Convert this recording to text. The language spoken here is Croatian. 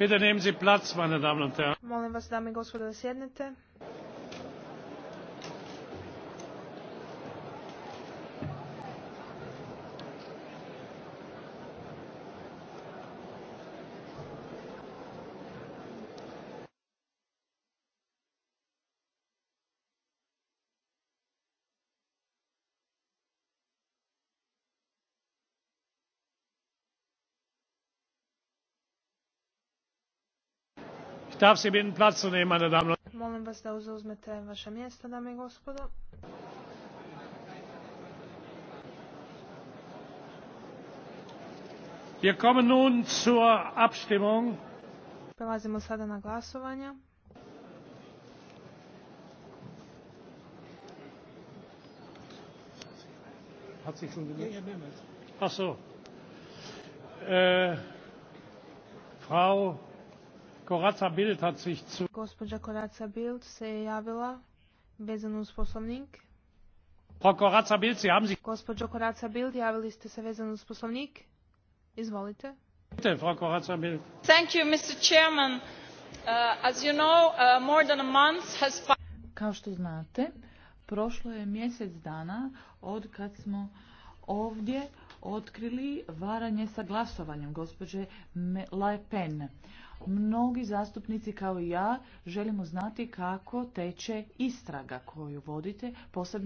Bitte nehmen Sie Platz, Molim vas, dame i gospodo, da Darf Sie bitten, Platz zu nehmen, meine Damen und Herren. Molim vas da uzuzmete vaša mjesto, dame i gospodo. Wir kommen nun zur Abstimmung. Prelazimo sada na glasovanje. Hat sich schon gemeldet? Ja, ja, mehrmals. Ach so. Äh, Frau Koraca Bild hat sich zu... Gospođa Koraca Bild se je javila vezano uz poslovnik. Koraca Bild, Sie haben sich... Gospođo Koraca Bild, javili ste se vezano uz poslovnik. Izvolite. Bitte, Frau Koraca Bild. Thank you, Mr. Chairman. Uh, as you know, uh, more than a month has... Pa- Kao što znate, prošlo je mjesec dana od kad smo ovdje otkrili varanje sa glasovanjem gospođe Le Pen. Mnogi zastupnici kao i ja želimo znati kako teče istraga koju vodite, posebno